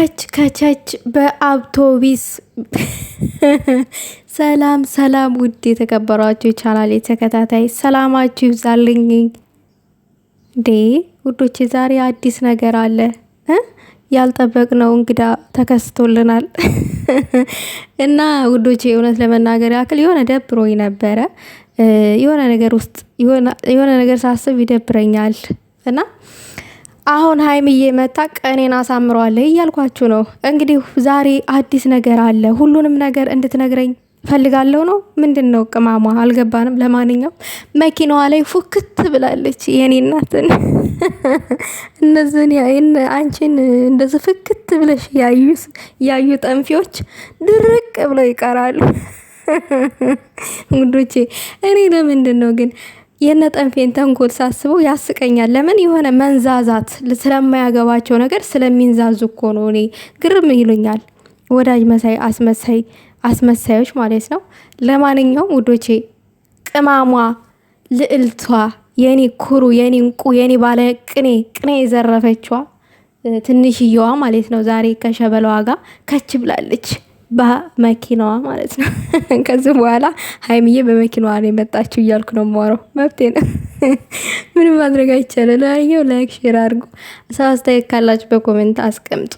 ከች ከቸች በአውቶቢስ ሰላም ሰላም፣ ውድ የተከበሯችሁ ይቻላል የተከታታይ ሰላማችሁ ይብዛልኝ። ዴ ውዶች፣ ዛሬ አዲስ ነገር አለ። ያልጠበቅነው እንግዳ ተከስቶልናል እና ውዶቼ፣ እውነት ለመናገር ያክል የሆነ ደብሮኝ ነበረ። የሆነ ነገር ውስጥ የሆነ ነገር ሳስብ ይደብረኛል እና አሁን ሀይምዬ መታ ቀኔን አሳምሯለሁ እያልኳችሁ ነው። እንግዲህ ዛሬ አዲስ ነገር አለ። ሁሉንም ነገር እንድትነግረኝ ፈልጋለሁ ነው። ምንድን ነው ቅማሟ? አልገባንም። ለማንኛውም መኪናዋ ላይ ፉክት ብላለች። የኔ እናትን እነዚህን አንቺን እንደዚህ ፍክት ብለሽ ያዩ ጠንፊዎች ድርቅ ብለው ይቀራሉ። ውዶቼ እኔ ለምንድን ነው ግን የነጠንፌን ተንኮል ሳስበው ያስቀኛል። ለምን የሆነ መንዛዛት ስለማያገባቸው ነገር ስለሚንዛዙ እኮ ነው። እኔ ግርም ይሉኛል ወዳጅ መሳይ አስመሳይ አስመሳዮች ማለት ነው። ለማንኛውም ውዶቼ ቅማሟ ልዕልቷ፣ የኔ ኩሩ፣ የኔ እንቁ፣ የኔ ባለ ቅኔ ቅኔ የዘረፈችዋ ትንሽየዋ ማለት ነው ዛሬ ከሸበለዋ ጋር ከች ብላለች። በመኪናዋ ማለት ነው። ከዚህ በኋላ ሀይምዬ በመኪናዋ ነው የመጣችው እያልኩ ነው የማወራው። መብቴ ነው፣ ምንም ማድረግ አይቻልም። ላየው ላይክ፣ ሼር አድርጉ። ሰው አስተያየት ካላችሁ በኮሜንት አስቀምጡ።